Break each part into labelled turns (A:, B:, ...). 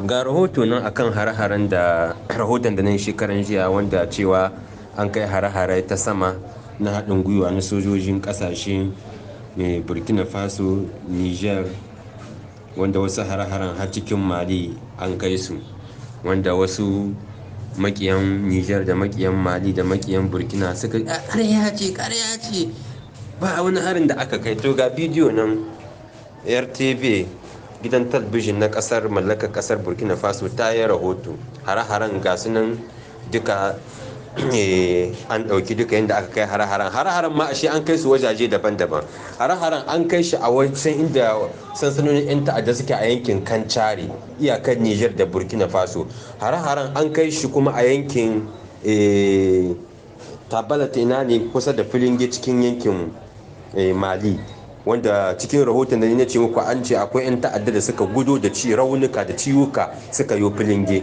A: ga rahoto nan akan hare-haren da rahoton da nan shekaran jiya wanda cewa an kai hare-hare ta sama na haɗin gwiwa na sojojin ƙasashen eh, burkina faso niger wanda wasu hare-haren har cikin mali an kai su wanda wasu makiyan niger da makiyan mali da makiyan burkina suka ah, ƙarya ce ƙarya ce ba wani harin da aka kai to ga bidiyo nan rtv gidan talabijin na kasar mallakar kasar burkina faso ta yi rahoto hare-haren gasu nan duka eh, an ɗauki duka yadda aka kai hare-haren hare-haren ma ashe an kai su wajaje daban-daban hare-haren an kai shi a wajen inda sansanonin 'yan ta'adda suke a yankin kancari iyakar niger da burkina faso hare-haren an kai shi kuma a yankin eh, tabalata ina ne kusa da filin cikin yankin eh, mali wanda cikin rahoton da ne ce muku an ce akwai 'yan ta'adda da suka gudo da ci raunuka da ciwuka suka yi filinge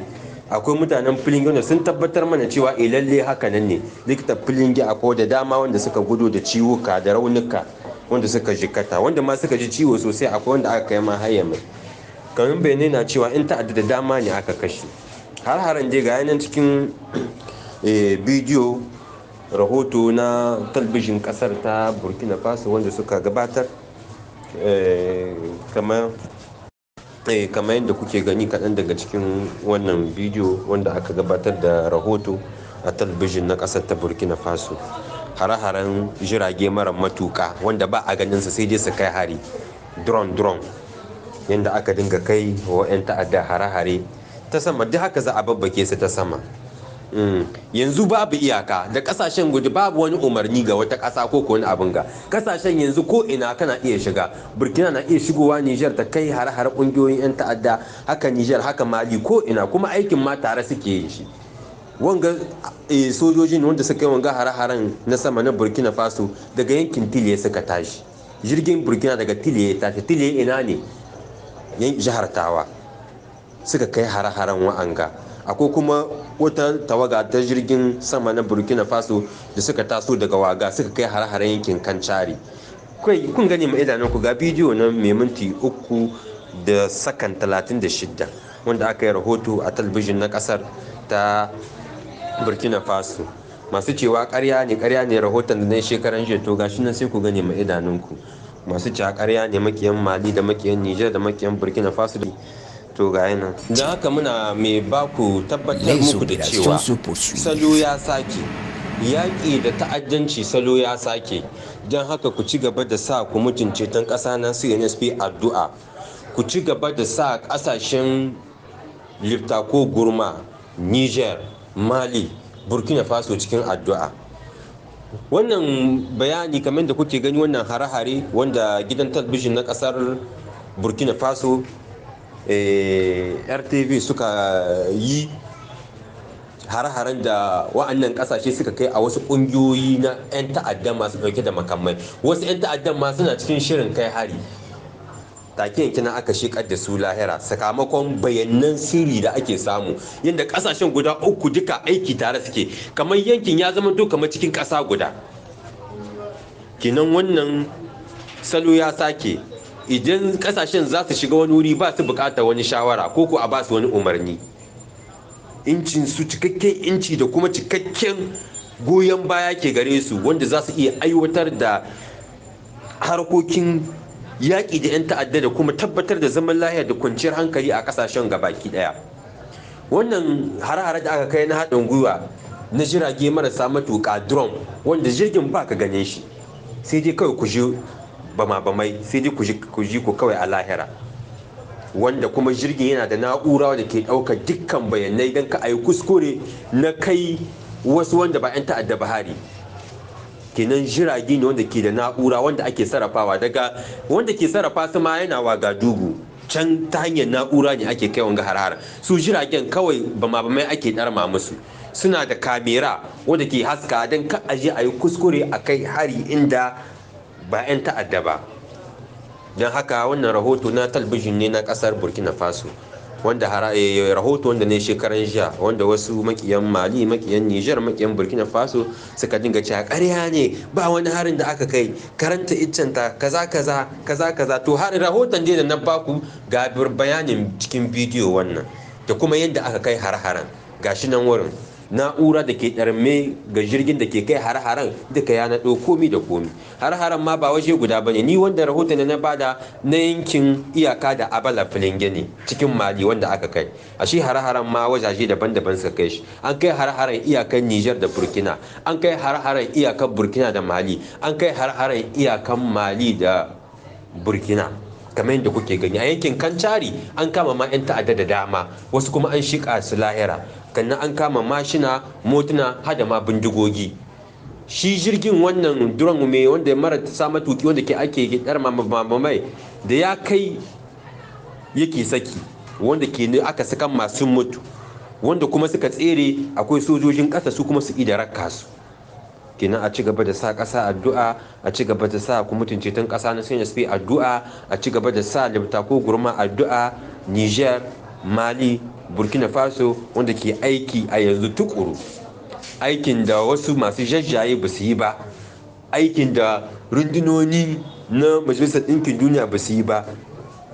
A: akwai mutanen filinge wanda sun tabbatar mana cewa ilalle eh, haka nan ne likita filinge akwai da dama wanda suka gudo da ciwuka da raunuka wanda suka jikata wanda ma suka ji ciwo sosai akwai wanda aka kai ma hayya mai kamar bayanai na cewa 'yan ta'adda da dama ne aka kashe har haran je ga yanan cikin eh, bidiyo rahoto na talbijin kasar ta burkina faso wanda suka gabatar eh, eh, kamar yadda kuke gani kaɗan daga cikin wannan bidiyo wanda aka gabatar da rahoto a talbijin na ƙasar ta burkina faso hare-haren jirage mara matuka wanda ba a ganin sa sai dai su kai hari drone drone yadda aka dinga kai wa 'yan ta'adda hare-hare ta sama duk haka za a babbake su ta sama Mm. yanzu babu iyaka da kasashen guji babu wani umarni ga wata kasa ko wani abin ga kasashen yanzu ko ina kana iya shiga burkina na iya shigowa nijar ta kai har har kungiyoyin yan ta'adda haka nijar haka mali ko ina kuma aikin ma tare suke yin shi wanga eh, sojojin wanda suka yi wanga har haren na sama na burkina faso daga yankin tiliye suka tashi jirgin burkina daga tiliye ya tashi ina ne yan jihar tawa suka kai har haren wa'anga akwai kuma wata tawaga ta jirgin sama na burkina faso da suka taso daga waga suka kai har hara yankin kancari kai kun gani ma idanun ku ga bidiyo na mai minti uku da sakan 36 wanda aka yi rahoto a talbijin na kasar ta burkina faso masu cewa karya ne karya ne rahoton da na shekaran jiya to gashi nan sai ku gani ma ku masu cewa karya ne makiyan mali da makiyan nijar da makiyan burkina faso to ga nan don haka muna mai baku tabbatar muku da cewa salo ya sake yaƙi da ta'addanci salo ya sake don haka ku ci gaba da sa ku mutunce don ƙasa na cnsp addu'a ku ci gaba da sa ƙasashen liftako gurma niger mali burkina faso cikin addu'a wannan bayani kamar da kuke gani wannan hare-hare wanda gidan talbijin na ƙasar burkina faso Eh, rtv suka yi har haren da wa'annan kasashe suka kai a wasu kungiyoyi na 'yan ta'addan masu ɗauke da makamai wasu 'yan ta'addan ma suna cikin shirin kai hari take kina aka shekar da su lahira sakamakon bayanan sirri da ake samu yadda kasashen guda uku duka aiki tare suke kamar yankin ya zama to kamar cikin ƙasa guda kinan wannan salo ya sake idan kasashen za su shiga wani wuri ba su bukata wani shawara ko ko a ba su wani umarni incin su cikakken inci da kuma cikakken goyon baya ke gare su wanda za su iya aiwatar da harkokin yaƙi da 'yan ta'adda da kuma tabbatar da zaman lahiya da kwanciyar hankali a ƙasashen gabaki ɗaya wannan har hare da aka kai na haɗin gwiwa na jirage marasa matuƙa drone wanda jirgin ba ka gane shi sai dai kawai ku je bama-bamai sai dai ku ji ku kawai a lahira wanda kuma jirgin yana da na'ura da ke ɗaukar dukkan bayanai don ka a yi kuskure na kai wasu wanda ba 'yan ta'adda ba kenan jirage ne wanda ke da na'ura wanda ake sarrafawa daga wanda ke sarrafa su ma yana ga dugu can ta hanyar na'ura ne ake kai wanga har su jiragen kawai bama bamai ake darma musu suna da kamera wanda ke haska don ka aje a yi kuskure a kai hari inda ba 'yan ta'adda ba don haka wannan rahoto na talbijin ne na kasar burkina faso wanda eh, rahoto wanda ne shekaran jiya wanda wasu makiyan mali makiyan nijar makiyan burkina faso suka dinga cewa ƙarya ne ba wani harin da aka kai karanta iccenta kaza kaza kaza kaza to harin rahoton da na baku ga bayanin cikin bidiyo wannan da kuma yadda aka kai har-haren shi nan wurin na'ura da ke ɗarme ga jirgin da ke kai har-haren duka ya naɗo komi da komi har-haren ma ba waje guda ba ne ni wanda rahoton na bada na yankin iyaka da abala filinge ne cikin mali wanda aka kai a shi har-haren ma wajaje daban-daban suka kai shi an kai har-haren iyakan nijar da burkina an kai har-haren iyakan burkina da mali an kai har-haren iyakan mali da burkina kamar yadda kuke gani a yankin kancari an kama ma 'yan ta'adda da dama wasu kuma an shika su lahira kannan an kama mashina motuna hada ma bindigogi shi jirgin wannan duran mai wanda ya mara sa matuki wanda ke ake gidar mamamai da ya kai yake saki wanda ke aka sakan masu mutu wanda kuma suka tsere akwai sojojin ƙasa su kuma su ida kasu su kenan a ci gaba da sa ƙasa addu'a a ci gaba da sa kwamitin ceton ƙasa na CNSP addu'a a ci gaba da sa ko gurma addu'a Niger Mali Burkina Faso wanda ke aiki a yanzu tukuru aikin da wasu masu jajjaye ba su yi ba aikin da rundunoni na majalisar ɗinkin duniya ba su yi ba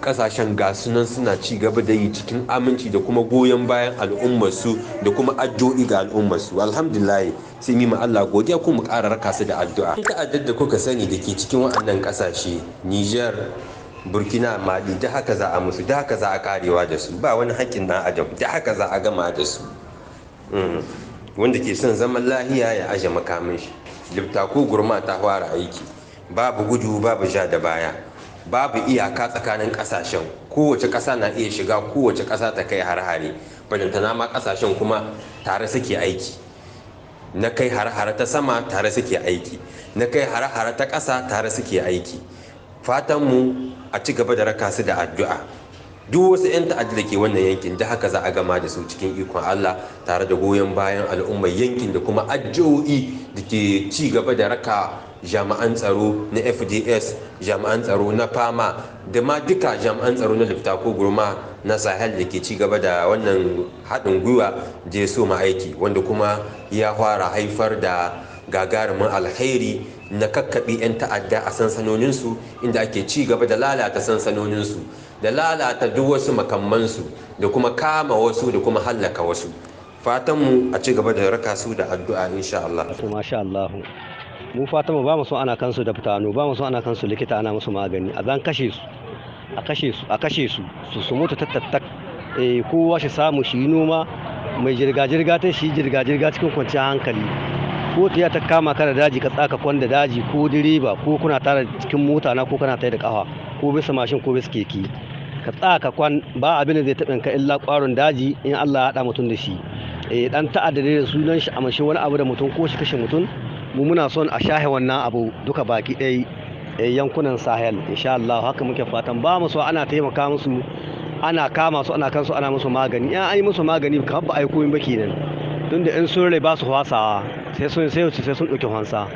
A: kasashen gasu nan suna ci gaba da yi cikin aminci da kuma goyon bayan al'ummarsu da kuma addu'o'i ga al'ummarsu alhamdulillah sai mima Allah godiya kuma ƙara raka su da addu'a ta'addar da kuka sani da ke cikin waɗannan kasashe Niger burkina mali da haka za a musu da haka za a karewa da su ba wani haƙƙin na adam da haka za a gama da su mm. wanda ke son zaman lahiya ya aje makamin shi libta ko gurma ta fara aiki babu gudu babu ja da baya babu iyaka tsakanin kasashen kowace ƙasa na iya shiga kowace kasa ta kai har-hare balantana ma ƙasashen kuma tare suke aiki na kai har ta sama tare suke aiki na kai har ta ƙasa tare suke aiki fatanmu a ci gaba da raka su da addu'a duk wasu 'yan ta'adda da ke wannan yankin da haka za a gama da su cikin ikon Allah tare da goyon bayan al'ummar yankin da kuma addu'o'i da ke ci gaba da raka jami'an tsaro na fds jami'an tsaro na fama da ma duka jami'an tsaro na lifta ko gurma na sahel da ke ci gaba da wannan haɗin gwiwa da ya so ma aiki wanda kuma ya fara haifar da gagarumin alheri na kakkaɓe 'yan ta'adda a sansanoninsu inda ake ci gaba da lalata sansanoninsu da lalata duk wasu makamansu da kuma kama wasu da kuma hallaka wasu fatanmu a ci gaba da raka su da addu'a insha Allah.
B: mu fata mu ba mu so ana kansu da fitano ba mu so ana kansu likita ana musu magani a zan kashe su a kashe su a kashe su su su mutu tattattak eh kowa shi samu shi noma mai jirga jirga ta shi jirga jirga cikin kwanciyar hankali ko ta ta kama ka da daji ka tsaka kwanda daji ko direba ko kuna tara cikin mota na ko kana yi da kafa ko bisa mashin ko bisa keke ka tsaka kwan ba abin da zai taɓin ka illa ƙwarin daji in Allah ya haɗa mutum da shi eh dan ta'addade da sunan shi a mashi wani abu da mutum ko shi kashe mutum mu muna son a shahe wannan abu duka baki ɗai eh, yankunan sahel insha Allah haka muke fatan ba mu so ana taimaka musu ana kama su ana kansu ana musu magani in an yi musu magani ka ba ai komai baki nan tunda in sun rai ba su hwasawa, sai sun sai sai sun dauki fansa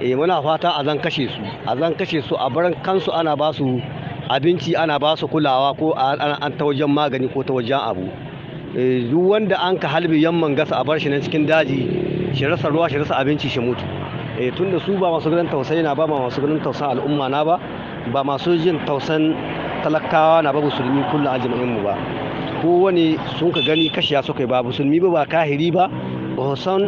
B: eh muna fata a zan kashe su a zan kashe su a baran kansu ana ba su abinci ana ba su kulawa ko an ta wajen magani ko ta wajen abu eh, duk wanda an ka halbi yamman gasa a bar shi nan cikin daji shi rasa ruwa shi rasa abinci shi mutu Eh, tunda su ba masu ganin tausayi na ba ba masu ganin tausayin al'umma na ba ba masu jin tausan talakawa na ba musulmi kullum ajma'in mu ba ko wani sun ka gani kashiya suka yi ba musulmi ba ba kahiri ba ba san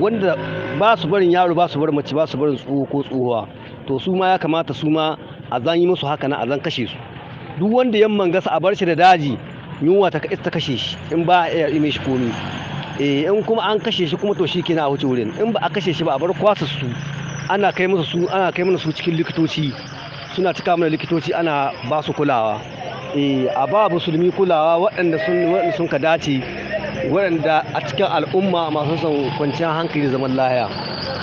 B: wanda ba su barin yaro ba su barin mace ba su barin tsoho ko tsohuwa to su ma ya kamata su ma a zan yi musu haka na a zan kashe su duk wanda yamman gasa a bar shi da daji yunwa ta kashe shi in ba a iya ime shi komi Eh, in kuma an kashe shi kuma to shi kenan a wuce wurin in ba a kashe shi ba a bar kwasa su ana kai musu su ana kai mana su cikin likitoci suna cika mana likitoci ana ba su kulawa eh, a ba musulmi kulawa waɗanda sun ka dace waɗanda a cikin al'umma masu son kwanciyar hankali zaman lahiya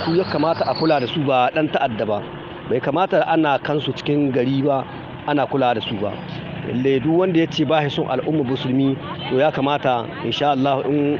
B: su ya kamata a kula da su ba ɗan ta'adda ba bai kamata ana kansu cikin gari ba ana kula da su ba ledu wanda ya ce ba shi son al'umma musulmi to ya kamata insha Allah in